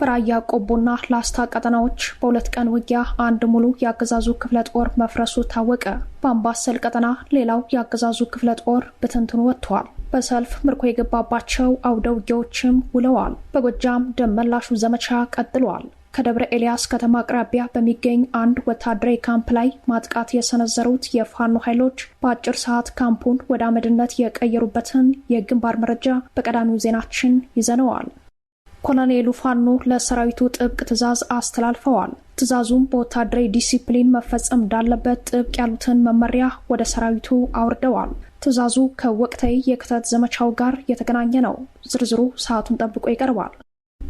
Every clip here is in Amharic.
በራያ ቆቦና ላስታ ቀጠናዎች በሁለት ቀን ውጊያ አንድ ሙሉ የአገዛዙ ክፍለ ጦር መፍረሱ ታወቀ። በአምባሰል ቀጠና ሌላው የአገዛዙ ክፍለ ጦር ብትንትኑ ወጥቷል። በሰልፍ ምርኮ የገባባቸው አውደ ውጊያዎችም ውለዋል። በጎጃም ደመላሹ ዘመቻ ቀጥሏል። ከደብረ ኤልያስ ከተማ አቅራቢያ በሚገኝ አንድ ወታደራዊ ካምፕ ላይ ማጥቃት የሰነዘሩት የፋኖ ኃይሎች በአጭር ሰዓት ካምፑን ወደ አመድነት የቀየሩበትን የግንባር መረጃ በቀዳሚው ዜናችን ይዘነዋል። ኮሎኔሉ ፋኖ ለሰራዊቱ ጥብቅ ትዕዛዝ አስተላልፈዋል። ትዕዛዙም በወታደራዊ ዲሲፕሊን መፈጸም እንዳለበት ጥብቅ ያሉትን መመሪያ ወደ ሰራዊቱ አውርደዋል። ትዕዛዙ ከወቅታዊ የክተት ዘመቻው ጋር የተገናኘ ነው። ዝርዝሩ ሰዓቱን ጠብቆ ይቀርባል።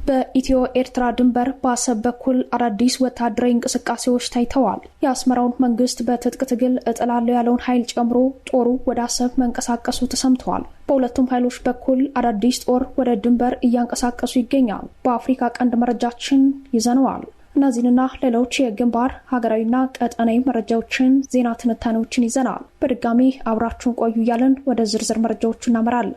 በኢትዮ ኤርትራ ድንበር በአሰብ በኩል አዳዲስ ወታደራዊ እንቅስቃሴዎች ታይተዋል። የአስመራውን መንግስት በትጥቅ ትግል እጥላለሁ ያለውን ኃይል ጨምሮ ጦሩ ወደ አሰብ መንቀሳቀሱ ተሰምተዋል። በሁለቱም ኃይሎች በኩል አዳዲስ ጦር ወደ ድንበር እያንቀሳቀሱ ይገኛል። በአፍሪካ ቀንድ መረጃችን ይዘነዋል። እነዚህንና ሌሎች የግንባር ሀገራዊና ቀጠናዊ መረጃዎችን፣ ዜና ትንታኔዎችን ይዘናል። በድጋሚ አብራችሁን ቆዩ እያለን ወደ ዝርዝር መረጃዎቹ እናመራለን።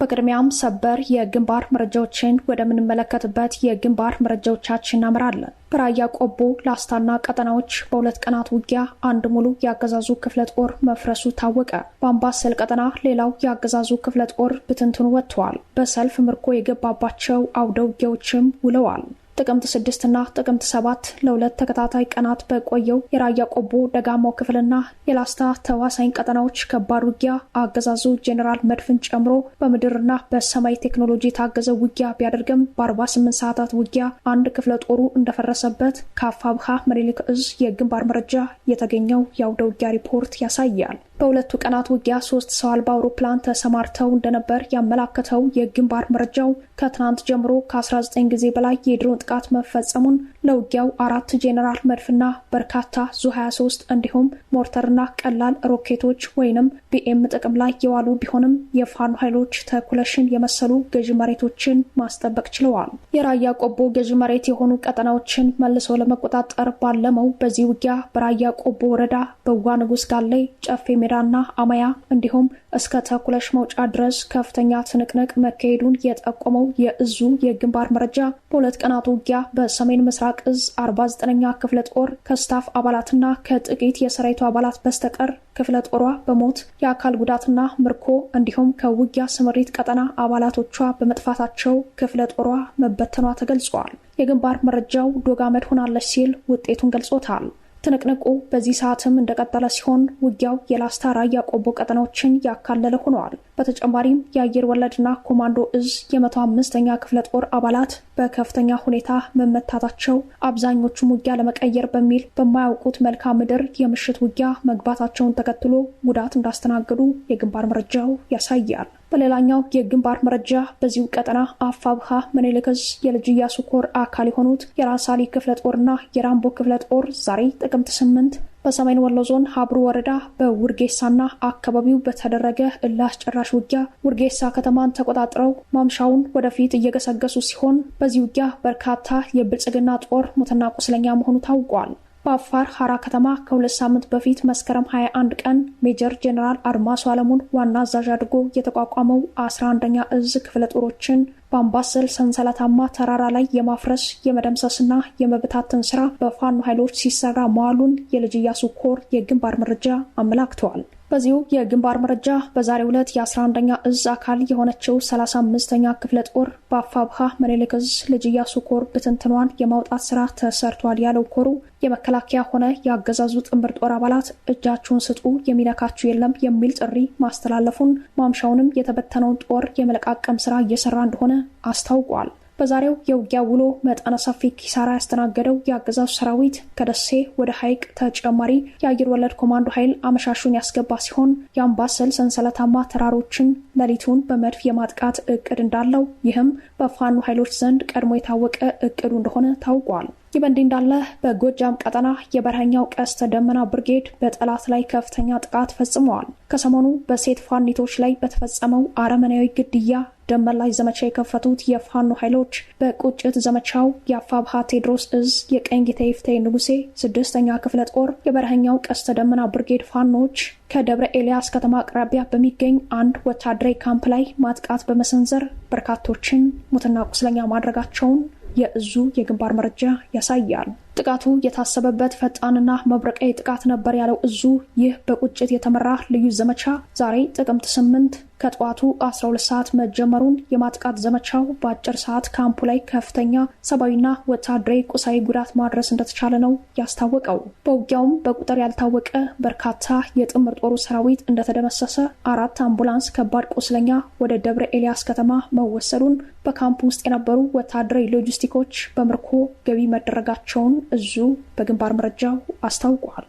በቅድሚያም ሰበር የግንባር መረጃዎችን ወደምንመለከትበት የግንባር መረጃዎቻችን እናምራለን። በራያ ቆቦ፣ ላስታና ቀጠናዎች በሁለት ቀናት ውጊያ አንድ ሙሉ የአገዛዙ ክፍለ ጦር መፍረሱ ታወቀ። በአምባሰል ቀጠና ሌላው የአገዛዙ ክፍለ ጦር ብትንትኑ ወጥተዋል። በሰልፍ ምርኮ የገባባቸው አውደ ውጊያዎችም ውለዋል። ጥቅምት 6 እና ጥቅምት 7 ለሁለት ተከታታይ ቀናት በቆየው የራያ ቆቦ ደጋማው ክፍልና የላስታ ተዋሳኝ ቀጠናዎች ከባድ ውጊያ አገዛዙ ጄኔራል መድፍን ጨምሮ በምድርና በሰማይ ቴክኖሎጂ የታገዘ ውጊያ ቢያደርግም በ48 ሰዓታት ውጊያ አንድ ክፍለ ጦሩ እንደፈረሰበት ከአፋብሃ ምኒልክ እዝ የግንባር መረጃ የተገኘው የአውደ ውጊያ ሪፖርት ያሳያል። በሁለቱ ቀናት ውጊያ ሶስት ሰው አልባ አውሮፕላን ተሰማርተው እንደነበር ያመላከተው የግንባር መረጃው ከትናንት ጀምሮ ከ19 ጊዜ በላይ የድሮን ጥቃት መፈጸሙን ለውጊያው አራት ጄኔራል መድፍና በርካታ ዙ 23 እንዲሁም ሞርተርና ቀላል ሮኬቶች ወይንም ቢኤም ጥቅም ላይ የዋሉ ቢሆንም የፋኖ ኃይሎች ተኩለሽን የመሰሉ ገዢ መሬቶችን ማስጠበቅ ችለዋል። የራያ ቆቦ ገዢ መሬት የሆኑ ቀጠናዎችን መልሶ ለመቆጣጠር ባለመው በዚህ ውጊያ በራያ ቆቦ ወረዳ በዋ ንጉስ ላይ ጨፌ ሜዳና አማያ እንዲሁም እስከ ተኩለሽ መውጫ ድረስ ከፍተኛ ትንቅንቅ መካሄዱን የጠቆመው የእዙ የግንባር መረጃ በሁለት ቀናት ውጊያ በሰሜን ምስራቅ እዝ 49ኛ ክፍለ ጦር ከስታፍ አባላትና ከጥቂት የሰራዊቱ አባላት በስተቀር ክፍለ ጦሯ በሞት የአካል ጉዳትና ምርኮ እንዲሁም ከውጊያ ስምሪት ቀጠና አባላቶቿ በመጥፋታቸው ክፍለ ጦሯ መበተኗ ተገልጿል። የግንባር መረጃው ዶጋመድ ሆናለች ሲል ውጤቱን ገልጾታል። ትንቅንቁ በዚህ ሰዓትም እንደቀጠለ ሲሆን ውጊያው የላስታ ራያ ቆቦ ቀጠናዎችን ያካለለ ሆነዋል። በተጨማሪም የአየር ወለድና ኮማንዶ እዝ የመቶ አምስተኛ ክፍለ ጦር አባላት በከፍተኛ ሁኔታ መመታታቸው አብዛኞቹም ውጊያ ለመቀየር በሚል በማያውቁት መልክዓ ምድር የምሽት ውጊያ መግባታቸውን ተከትሎ ጉዳት እንዳስተናገዱ የግንባር መረጃው ያሳያል። በሌላኛው የግንባር መረጃ በዚሁ ቀጠና አፋብሃ መኔልክዝ የልጅ ኢያሱ ኮር አካል የሆኑት የራሳሊ ክፍለ ጦርና የራምቦ ክፍለ ጦር ዛሬ ጥቅምት ስምንት በሰሜን ወሎ ዞን ሀብሩ ወረዳ በውርጌሳና አካባቢው በተደረገ እልህ ውጊያ ውርጌሳ ከተማን ተቆጣጥረው ማምሻውን ወደፊት እየገሰገሱ ሲሆን በዚህ ውጊያ በርካታ የብልጽግና ጦር ሞትና ቁስለኛ መሆኑ ታውቋል። በአፋር ሀራ ከተማ ከሁለት ሳምንት በፊት መስከረም 21 ቀን ሜጀር ጄኔራል አድማሱ አለሙን ዋና አዛዥ አድርጎ የተቋቋመው 11ኛ እዝ ክፍለ ጦሮችን በአምባሰል ሰንሰለታማ ተራራ ላይ የማፍረስ የመደምሰስና የመበታተን ስራ በፋኖ ኃይሎች ሲሰራ መዋሉን የልጅ ኢያሱ ኮር የግንባር መረጃ አመላክተዋል። በዚሁ የግንባር መረጃ በዛሬው ዕለት የ11ኛ እዝ አካል የሆነችው 35ኛ ክፍለ ጦር በአፋብሃ ምኒልክ እዝ ልጅ እያሱ ኮር ብትንትኗን የማውጣት ስራ ተሰርቷል ያለው ኮሩ የመከላከያ ሆነ የአገዛዙ ጥምር ጦር አባላት እጃችሁን ስጡ፣ የሚነካችሁ የለም የሚል ጥሪ ማስተላለፉን ማምሻውንም የተበተነውን ጦር የመለቃቀም ስራ እየሰራ እንደሆነ አስታውቋል። በዛሬው የውጊያ ውሎ መጠነ ሰፊ ኪሳራ ያስተናገደው የአገዛዙ ሰራዊት ከደሴ ወደ ሐይቅ ተጨማሪ የአየር ወለድ ኮማንዶ ኃይል አመሻሹን ያስገባ ሲሆን የአምባሰል ሰንሰለታማ ተራሮችን ሌሊቱን በመድፍ የማጥቃት እቅድ እንዳለው ይህም በፋኖ ኃይሎች ዘንድ ቀድሞ የታወቀ እቅዱ እንደሆነ ታውቋል። ይህ በእንዲህ እንዳለ በጎጃም ቀጠና የበረሃኛው ቀስተ ደመና ብርጌድ በጠላት ላይ ከፍተኛ ጥቃት ፈጽመዋል። ከሰሞኑ በሴት ፋኒቶች ላይ በተፈጸመው አረመናዊ ግድያ ደንበር ላይ ዘመቻ የከፈቱት የፋኖ ኃይሎች በቁጭት ዘመቻው የአፋብሃ ቴድሮስ እዝ የቀኝ ጌታ ይፍቴ ንጉሴ ስድስተኛ ክፍለ ጦር የበረሃኛው ቀስተ ደመና ብርጌድ ፋኖች ከደብረ ኤልያስ ከተማ አቅራቢያ በሚገኝ አንድ ወታደራዊ ካምፕ ላይ ማጥቃት በመሰንዘር በርካቶችን ሙትና ቁስለኛ ማድረጋቸውን የእዙ የግንባር መረጃ ያሳያል። ጥቃቱ የታሰበበት ፈጣንና መብረቃዊ ጥቃት ነበር ያለው እዙ ይህ በቁጭት የተመራ ልዩ ዘመቻ ዛሬ ጥቅምት ስምንት ከጠዋቱ 12 ሰዓት መጀመሩን የማጥቃት ዘመቻው በአጭር ሰዓት ካምፑ ላይ ከፍተኛ ሰብአዊና ወታደራዊ ቁሳዊ ጉዳት ማድረስ እንደተቻለ ነው ያስታወቀው። በውጊያውም በቁጥር ያልታወቀ በርካታ የጥምር ጦሩ ሰራዊት እንደተደመሰሰ፣ አራት አምቡላንስ ከባድ ቁስለኛ ወደ ደብረ ኤልያስ ከተማ መወሰዱን፣ በካምፕ ውስጥ የነበሩ ወታደራዊ ሎጂስቲኮች በምርኮ ገቢ መደረጋቸውን እዙ በግንባር መረጃው አስታውቋል።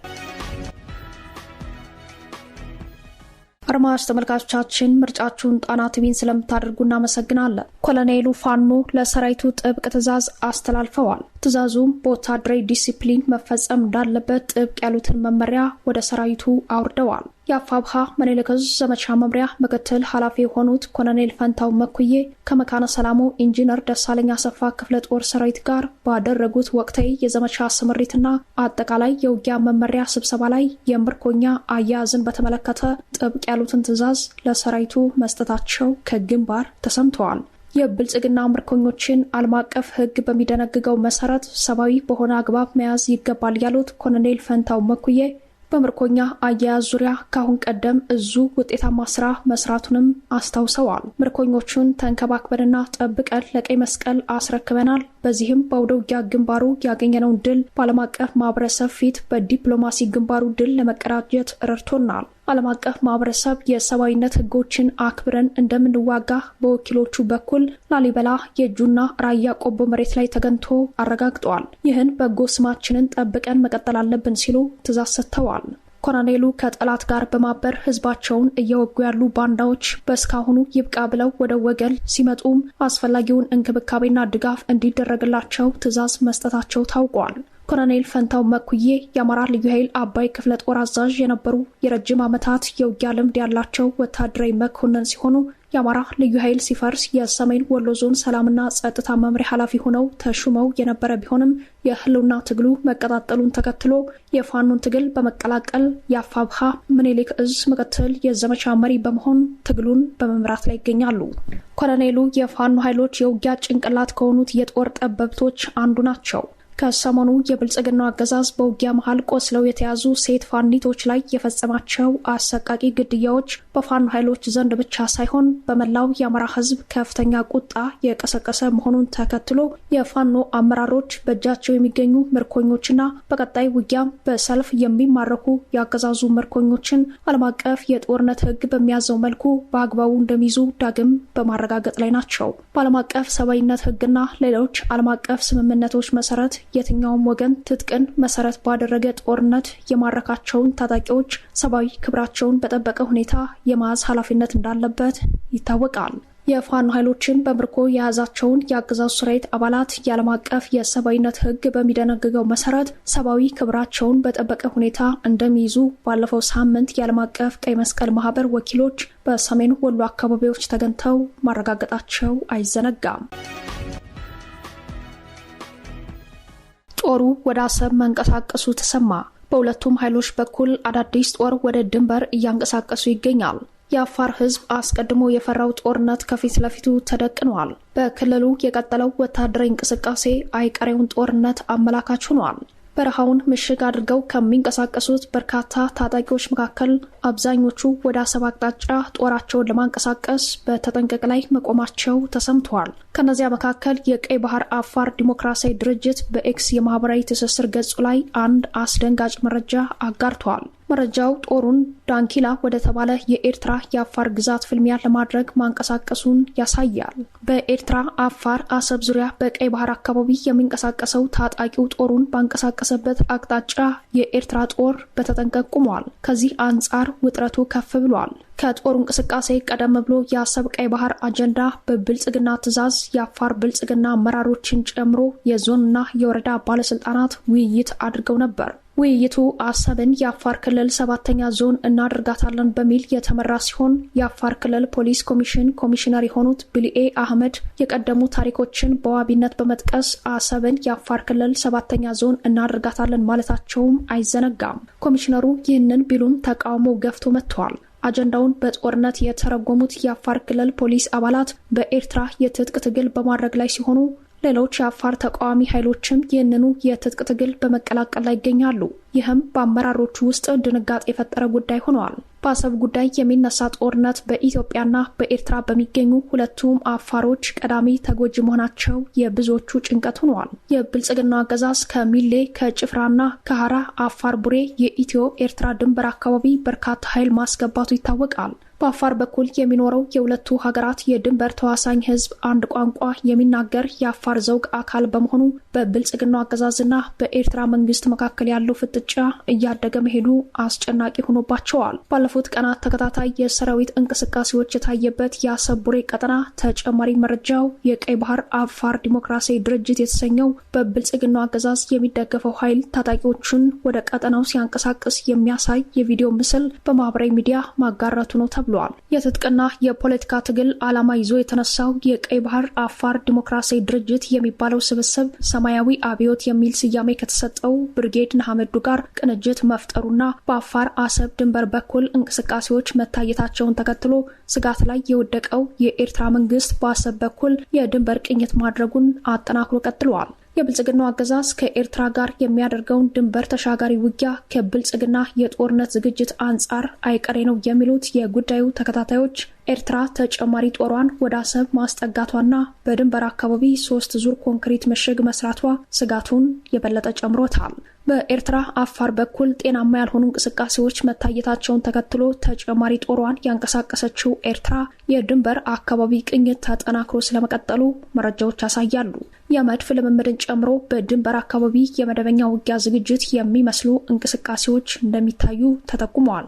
አድማጭ ተመልካቾቻችን ምርጫችሁን ጣና ቲቪን ስለምታደርጉ እናመሰግናለን። ኮሎኔሉ ፋኖ ለሰራዊቱ ጥብቅ ትዕዛዝ አስተላልፈዋል። ትዕዛዙም በወታደራዊ ዲሲፕሊን መፈጸም እንዳለበት ጥብቅ ያሉትን መመሪያ ወደ ሰራዊቱ አውርደዋል። የአፋብሃ መኔልክ ዘመቻ መምሪያ ምክትል ኃላፊ የሆኑት ኮሎኔል ፈንታው መኩዬ ከመካነ ሰላሙ ኢንጂነር ደሳለኝ አሰፋ ክፍለ ጦር ሰራዊት ጋር ባደረጉት ወቅታዊ የዘመቻ ስምሪትና አጠቃላይ የውጊያ መመሪያ ስብሰባ ላይ የምርኮኛ አያያዝን በተመለከተ ጥብቅ ያሉትን ትዕዛዝ ለሰራዊቱ መስጠታቸው ከግንባር ተሰምተዋል። የብልጽግና ምርኮኞችን ዓለም አቀፍ ሕግ በሚደነግገው መሰረት ሰብአዊ በሆነ አግባብ መያዝ ይገባል ያሉት ኮሎኔል ፈንታው መኩዬ በምርኮኛ አያያዝ ዙሪያ ከአሁን ቀደም እዙ ውጤታማ ስራ መስራቱንም አስታውሰዋል። ምርኮኞቹን ተንከባክበንና ጠብቀን ለቀይ መስቀል አስረክበናል። በዚህም በአውደ ውጊያ ግንባሩ ያገኘነውን ድል በዓለም አቀፍ ማህበረሰብ ፊት በዲፕሎማሲ ግንባሩ ድል ለመቀዳጀት ረድቶናል። ዓለም አቀፍ ማህበረሰብ የሰብአዊነት ህጎችን አክብረን እንደምንዋጋ በወኪሎቹ በኩል ላሊበላ የእጁና ራያ ቆቦ መሬት ላይ ተገንቶ አረጋግጠዋል። ይህን በጎ ስማችንን ጠብቀን መቀጠል አለብን ሲሉ ትዛዝ ሰጥተዋል። ኮሎኔሉ ከጠላት ጋር በማበር ህዝባቸውን እየወጉ ያሉ ባንዳዎች በእስካሁኑ ይብቃ ብለው ወደ ወገል ሲመጡም አስፈላጊውን እንክብካቤና ድጋፍ እንዲደረግላቸው ትዕዛዝ መስጠታቸው ታውቋል። ኮሎኔል ፈንታው መኩዬ የአማራ ልዩ ኃይል አባይ ክፍለ ጦር አዛዥ የነበሩ የረጅም ዓመታት የውጊያ ልምድ ያላቸው ወታደራዊ መኮንን ሲሆኑ የአማራ ልዩ ኃይል ሲፈርስ የሰሜን ወሎ ዞን ሰላምና ጸጥታ መምሪያ ኃላፊ ሆነው ተሹመው የነበረ ቢሆንም የህልውና ትግሉ መቀጣጠሉን ተከትሎ የፋኖን ትግል በመቀላቀል የአፋብሃ ምኒልክ እዝ ምክትል የዘመቻ መሪ በመሆን ትግሉን በመምራት ላይ ይገኛሉ። ኮሎኔሉ የፋኖ ኃይሎች የውጊያ ጭንቅላት ከሆኑት የጦር ጠበብቶች አንዱ ናቸው። ከሰሞኑ የብልጽግናው አገዛዝ በውጊያ መሀል ቆስለው የተያዙ ሴት ፋኒቶች ላይ የፈጸማቸው አሰቃቂ ግድያዎች በፋኖ ኃይሎች ዘንድ ብቻ ሳይሆን በመላው የአማራ ሕዝብ ከፍተኛ ቁጣ የቀሰቀሰ መሆኑን ተከትሎ የፋኖ አመራሮች በእጃቸው የሚገኙ ምርኮኞችና በቀጣይ ውጊያ በሰልፍ የሚማረኩ የአገዛዙ ምርኮኞችን ዓለም አቀፍ የጦርነት ሕግ በሚያዘው መልኩ በአግባቡ እንደሚይዙ ዳግም በማረጋገጥ ላይ ናቸው። በዓለም አቀፍ ሰብአዊነት ሕግና ሌሎች ዓለም አቀፍ ስምምነቶች መሰረት የትኛውም ወገን ትጥቅን መሰረት ባደረገ ጦርነት የማረካቸውን ታጣቂዎች ሰብአዊ ክብራቸውን በጠበቀ ሁኔታ የመያዝ ኃላፊነት እንዳለበት ይታወቃል። የፋኖ ኃይሎችን በምርኮ የያዛቸውን የአገዛዙ ሰራዊት አባላት የዓለም አቀፍ የሰብአዊነት ሕግ በሚደነግገው መሰረት ሰብአዊ ክብራቸውን በጠበቀ ሁኔታ እንደሚይዙ ባለፈው ሳምንት የዓለም አቀፍ ቀይ መስቀል ማህበር ወኪሎች በሰሜን ወሎ አካባቢዎች ተገኝተው ማረጋገጣቸው አይዘነጋም። ጦሩ ወደ አሰብ መንቀሳቀሱ ተሰማ። በሁለቱም ኃይሎች በኩል አዳዲስ ጦር ወደ ድንበር እያንቀሳቀሱ ይገኛል። የአፋር ሕዝብ አስቀድሞ የፈራው ጦርነት ከፊት ለፊቱ ተደቅኗል። በክልሉ የቀጠለው ወታደራዊ እንቅስቃሴ አይቀሬውን ጦርነት አመላካች ሆኗል። በረሃውን ምሽግ አድርገው ከሚንቀሳቀሱት በርካታ ታጣቂዎች መካከል አብዛኞቹ ወደ አሰብ አቅጣጫ ጦራቸውን ለማንቀሳቀስ በተጠንቀቅ ላይ መቆማቸው ተሰምተዋል። ከነዚያ መካከል የቀይ ባህር አፋር ዲሞክራሲያዊ ድርጅት በኤክስ የማህበራዊ ትስስር ገጹ ላይ አንድ አስደንጋጭ መረጃ አጋርተዋል። መረጃው ጦሩን ዳንኪላ ወደ ተባለ የኤርትራ የአፋር ግዛት ፍልሚያ ለማድረግ ማንቀሳቀሱን ያሳያል። በኤርትራ አፋር አሰብ ዙሪያ በቀይ ባህር አካባቢ የሚንቀሳቀሰው ታጣቂው ጦሩን ባንቀሳቀሰበት አቅጣጫ የኤርትራ ጦር በተጠንቀቅ ቆሟል። ከዚህ አንጻር ውጥረቱ ከፍ ብሏል። ከጦሩ እንቅስቃሴ ቀደም ብሎ የአሰብ ቀይ ባህር አጀንዳ በብልጽግና ትዕዛዝ የአፋር ብልጽግና አመራሮችን ጨምሮ የዞንና የወረዳ ባለስልጣናት ውይይት አድርገው ነበር። ውይይቱ አሰብን የአፋር ክልል ሰባተኛ ዞን እናደርጋታለን በሚል የተመራ ሲሆን የአፋር ክልል ፖሊስ ኮሚሽን ኮሚሽነር የሆኑት ብልኤ አህመድ የቀደሙ ታሪኮችን በዋቢነት በመጥቀስ አሰብን የአፋር ክልል ሰባተኛ ዞን እናደርጋታለን ማለታቸውም አይዘነጋም። ኮሚሽነሩ ይህንን ቢሉም ተቃውሞ ገፍቶ መጥተዋል። አጀንዳውን በጦርነት የተረጎሙት የአፋር ክልል ፖሊስ አባላት በኤርትራ የትጥቅ ትግል በማድረግ ላይ ሲሆኑ ሌሎች የአፋር ተቃዋሚ ኃይሎችም ይህንኑ የትጥቅ ትግል በመቀላቀል ላይ ይገኛሉ። ይህም በአመራሮቹ ውስጥ ድንጋጤ የፈጠረ ጉዳይ ሆነዋል። በአሰብ ጉዳይ የሚነሳ ጦርነት በኢትዮጵያና በኤርትራ በሚገኙ ሁለቱም አፋሮች ቀዳሚ ተጎጂ መሆናቸው የብዙዎቹ ጭንቀት ሆነዋል። የብልጽግና አገዛዝ ከሚሌ ከጭፍራና ከሐራ አፋር ቡሬ የኢትዮ ኤርትራ ድንበር አካባቢ በርካታ ኃይል ማስገባቱ ይታወቃል። በአፋር በኩል የሚኖረው የሁለቱ ሀገራት የድንበር ተዋሳኝ ሕዝብ አንድ ቋንቋ የሚናገር የአፋር ዘውግ አካል በመሆኑ በብልጽግናው አገዛዝና በኤርትራ መንግስት መካከል ያለው ፍጥጫ እያደገ መሄዱ አስጨናቂ ሆኖባቸዋል። ባለፉት ቀናት ተከታታይ የሰራዊት እንቅስቃሴዎች የታየበት የአሰብ ቡሬ ቀጠና ተጨማሪ መረጃው የቀይ ባህር አፋር ዲሞክራሲያዊ ድርጅት የተሰኘው በብልጽግናው አገዛዝ የሚደገፈው ኃይል ታጣቂዎቹን ወደ ቀጠናው ሲያንቀሳቅስ የሚያሳይ የቪዲዮ ምስል በማህበራዊ ሚዲያ ማጋራቱ ነው ተብሏል። የትጥቅና የፖለቲካ ትግል ዓላማ ይዞ የተነሳው የቀይ ባህር አፋር ዲሞክራሲያዊ ድርጅት የሚባለው ስብስብ ሰማያዊ አብዮት የሚል ስያሜ ከተሰጠው ብርጌድ ንሓመዱ ጋር ቅንጅት መፍጠሩና በአፋር አሰብ ድንበር በኩል እንቅስቃሴዎች መታየታቸውን ተከትሎ ስጋት ላይ የወደቀው የኤርትራ መንግስት በአሰብ በኩል የድንበር ቅኝት ማድረጉን አጠናክሮ ቀጥለዋል። የብልጽግናው አገዛዝ ከኤርትራ ጋር የሚያደርገውን ድንበር ተሻጋሪ ውጊያ ከብልጽግና የጦርነት ዝግጅት አንጻር አይቀሬ ነው የሚሉት የጉዳዩ ተከታታዮች ኤርትራ ተጨማሪ ጦሯን ወደ አሰብ ማስጠጋቷና በድንበር አካባቢ ሶስት ዙር ኮንክሪት ምሽግ መስራቷ ስጋቱን የበለጠ ጨምሮታል። በኤርትራ አፋር በኩል ጤናማ ያልሆኑ እንቅስቃሴዎች መታየታቸውን ተከትሎ ተጨማሪ ጦሯን ያንቀሳቀሰችው ኤርትራ የድንበር አካባቢ ቅኝት ተጠናክሮ ስለመቀጠሉ መረጃዎች ያሳያሉ። የመድፍ ልምምድን ጨምሮ በድንበር አካባቢ የመደበኛ ውጊያ ዝግጅት የሚመስሉ እንቅስቃሴዎች እንደሚታዩ ተጠቁመዋል።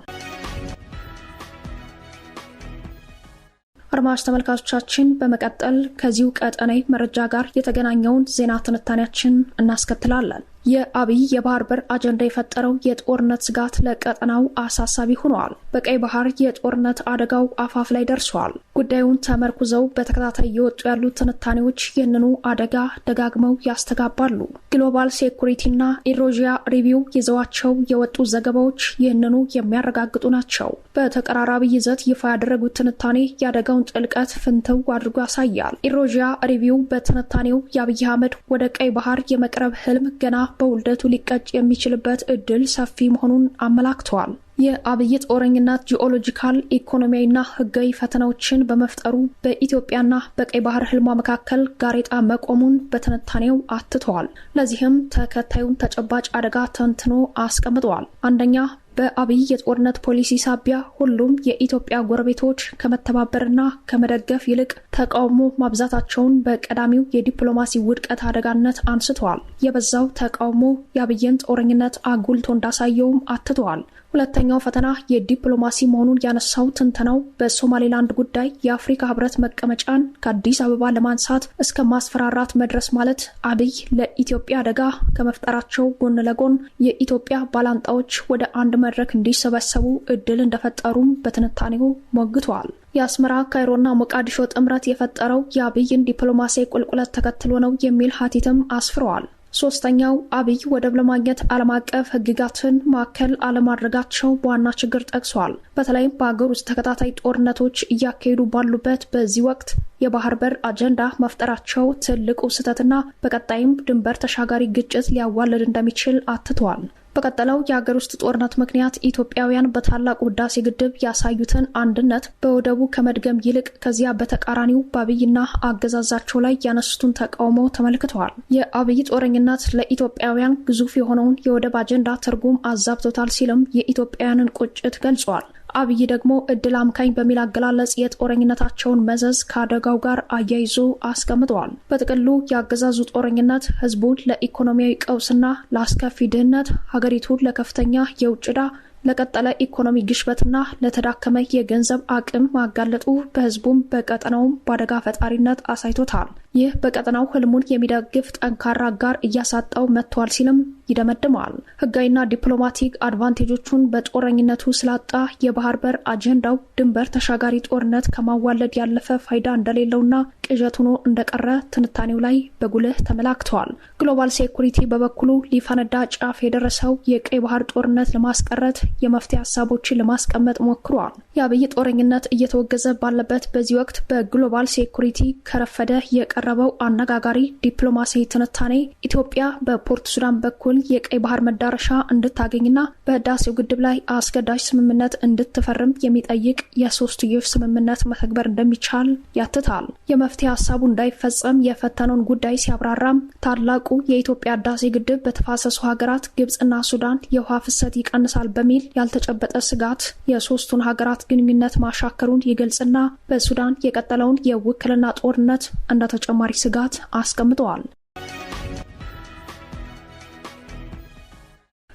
አድማጭ ተመልካቾቻችን በመቀጠል ከዚሁ ቀጠናዊ መረጃ ጋር የተገናኘውን ዜና ትንታኔያችን እናስከትላለን። የአብይ የባህር በር አጀንዳ የፈጠረው የጦርነት ስጋት ለቀጠናው አሳሳቢ ሆኗል። በቀይ ባህር የጦርነት አደጋው አፋፍ ላይ ደርሷል። ጉዳዩን ተመርኩዘው በተከታታይ እየወጡ ያሉት ትንታኔዎች ይህንኑ አደጋ ደጋግመው ያስተጋባሉ። ግሎባል ሴኩሪቲና ኢሮዥያ ሪቪው ይዘዋቸው የወጡ ዘገባዎች ይህንኑ የሚያረጋግጡ ናቸው። በተቀራራቢ ይዘት ይፋ ያደረጉት ትንታኔ የአደጋውን ጥልቀት ፍንትው አድርጎ ያሳያል። ኢሮዥያ ሪቪው በትንታኔው የአብይ አህመድ ወደ ቀይ ባህር የመቅረብ ህልም ገና በውልደቱ ሊቀጭ የሚችልበት እድል ሰፊ መሆኑን አመላክተዋል። የአብይ ጦረኝነት ጂኦሎጂካል ኢኮኖሚያዊና ሕጋዊ ፈተናዎችን በመፍጠሩ በኢትዮጵያና በቀይ ባህር ህልሟ መካከል ጋሬጣ መቆሙን በትንታኔው አትተዋል። ለዚህም ተከታዩን ተጨባጭ አደጋ ተንትኖ አስቀምጠዋል። አንደኛ በአብይ የጦርነት ፖሊሲ ሳቢያ ሁሉም የኢትዮጵያ ጎረቤቶች ከመተባበርና ከመደገፍ ይልቅ ተቃውሞ ማብዛታቸውን በቀዳሚው የዲፕሎማሲ ውድቀት አደጋነት አንስተዋል። የበዛው ተቃውሞ የአብይን ጦረኝነት አጉልቶ እንዳሳየውም አትተዋል። ሁለተኛው ፈተና የዲፕሎማሲ መሆኑን ያነሳው ትንተናው በሶማሌላንድ ጉዳይ የአፍሪካ ህብረት መቀመጫን ከአዲስ አበባ ለማንሳት እስከ ማስፈራራት መድረስ ማለት አብይ ለኢትዮጵያ አደጋ ከመፍጠራቸው ጎን ለጎን የኢትዮጵያ ባላንጣዎች ወደ አንድ መድረክ እንዲሰበሰቡ እድል እንደፈጠሩም በትንታኔው ሞግተዋል። የአስመራ ካይሮና ሞቃዲሾ ጥምረት የፈጠረው የአብይን ዲፕሎማሲያዊ ቁልቁለት ተከትሎ ነው የሚል ሀቲትም አስፍረዋል። ሶስተኛው አብይ ወደብ ለማግኘት ዓለም አቀፍ ህግጋትን ማዕከል አለማድረጋቸው በዋና ችግር ጠቅሷል። በተለይም በሀገር ውስጥ ተከታታይ ጦርነቶች እያካሄዱ ባሉበት በዚህ ወቅት የባህር በር አጀንዳ መፍጠራቸው ትልቁ ስህተትና በቀጣይም ድንበር ተሻጋሪ ግጭት ሊያዋልድ እንደሚችል አትተዋል። በቀጠለው የሀገር ውስጥ ጦርነት ምክንያት ኢትዮጵያውያን በታላቁ ህዳሴ ግድብ ያሳዩትን አንድነት በወደቡ ከመድገም ይልቅ ከዚያ በተቃራኒው በአብይና አገዛዛቸው ላይ ያነሱትን ተቃውሞ ተመልክተዋል። የአብይ ጦረኝነት ለኢትዮጵያውያን ግዙፍ የሆነውን የወደብ አጀንዳ ትርጉም አዛብቶታል ሲልም የኢትዮጵያውያንን ቁጭት ገልጿል። አብይ ደግሞ እድል አምካኝ በሚል አገላለጽ የጦረኝነታቸውን መዘዝ ከአደጋው ጋር አያይዞ አስቀምጠዋል። በጥቅሉ የአገዛዙ ጦረኝነት ህዝቡን ለኢኮኖሚያዊ ቀውስና ለአስከፊ ድህነት፣ ሀገሪቱን ለከፍተኛ የውጭ ዕዳ ለቀጠለ ኢኮኖሚ ግሽበትና ለተዳከመ የገንዘብ አቅም ማጋለጡ በህዝቡም በቀጠናውም በአደጋ ፈጣሪነት አሳይቶታል። ይህ በቀጠናው ህልሙን የሚደግፍ ጠንካራ ጋር እያሳጣው መጥቷል ሲልም ይደመድማል። ህጋዊና ዲፕሎማቲክ አድቫንቴጆቹን በጦረኝነቱ ስላጣ የባህር በር አጀንዳው ድንበር ተሻጋሪ ጦርነት ከማዋለድ ያለፈ ፋይዳ እንደሌለውና ቅዠት ሆኖ እንደቀረ ትንታኔው ላይ በጉልህ ተመላክተዋል። ግሎባል ሴኩሪቲ በበኩሉ ሊፈነዳ ጫፍ የደረሰው የቀይ ባህር ጦርነት ለማስቀረት የመፍትሄ ሀሳቦችን ለማስቀመጥ ሞክሯል። የአብይ ጦረኝነት እየተወገዘ ባለበት በዚህ ወቅት በግሎባል ሴኩሪቲ ከረፈደ የቀ ያቀረበው አነጋጋሪ ዲፕሎማሲ ትንታኔ ኢትዮጵያ በፖርት ሱዳን በኩል የቀይ ባህር መዳረሻ እንድታገኝና በህዳሴው ግድብ ላይ አስገዳጅ ስምምነት እንድትፈርም የሚጠይቅ የሶስትዮሽ ስምምነት መተግበር እንደሚቻል ያትታል። የመፍትሄ ሀሳቡ እንዳይፈጸም የፈተነውን ጉዳይ ሲያብራራም ታላቁ የኢትዮጵያ ህዳሴ ግድብ በተፋሰሱ ሀገራት ግብፅና ሱዳን የውሃ ፍሰት ይቀንሳል በሚል ያልተጨበጠ ስጋት የሶስቱን ሀገራት ግንኙነት ማሻከሩን ይገልጽና በሱዳን የቀጠለውን የውክልና ጦርነት እንደተጨ ተጨማሪ ስጋት አስቀምጠዋል።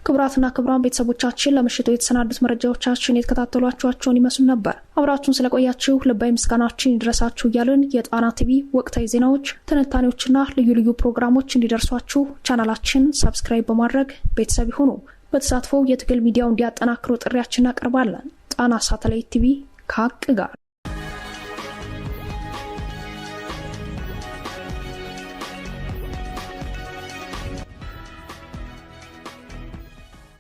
ክቡራትና ክቡራን ቤተሰቦቻችን ለምሽቱ የተሰናዱት መረጃዎቻችን የተከታተሏችኋቸውን ይመስሉ ነበር። አብራችሁን ስለቆያችሁ ልባዊ ምስጋናችን ይድረሳችሁ እያልን የጣና ቲቪ ወቅታዊ ዜናዎች፣ ትንታኔዎችና ልዩ ልዩ ፕሮግራሞች እንዲደርሷችሁ ቻናላችን ሰብስክራይብ በማድረግ ቤተሰብ ይሁኑ። በተሳትፎ የትግል ሚዲያው እንዲያጠናክሩ ጥሪያችን እናቀርባለን። ጣና ሳተላይት ቲቪ ከሀቅ ጋር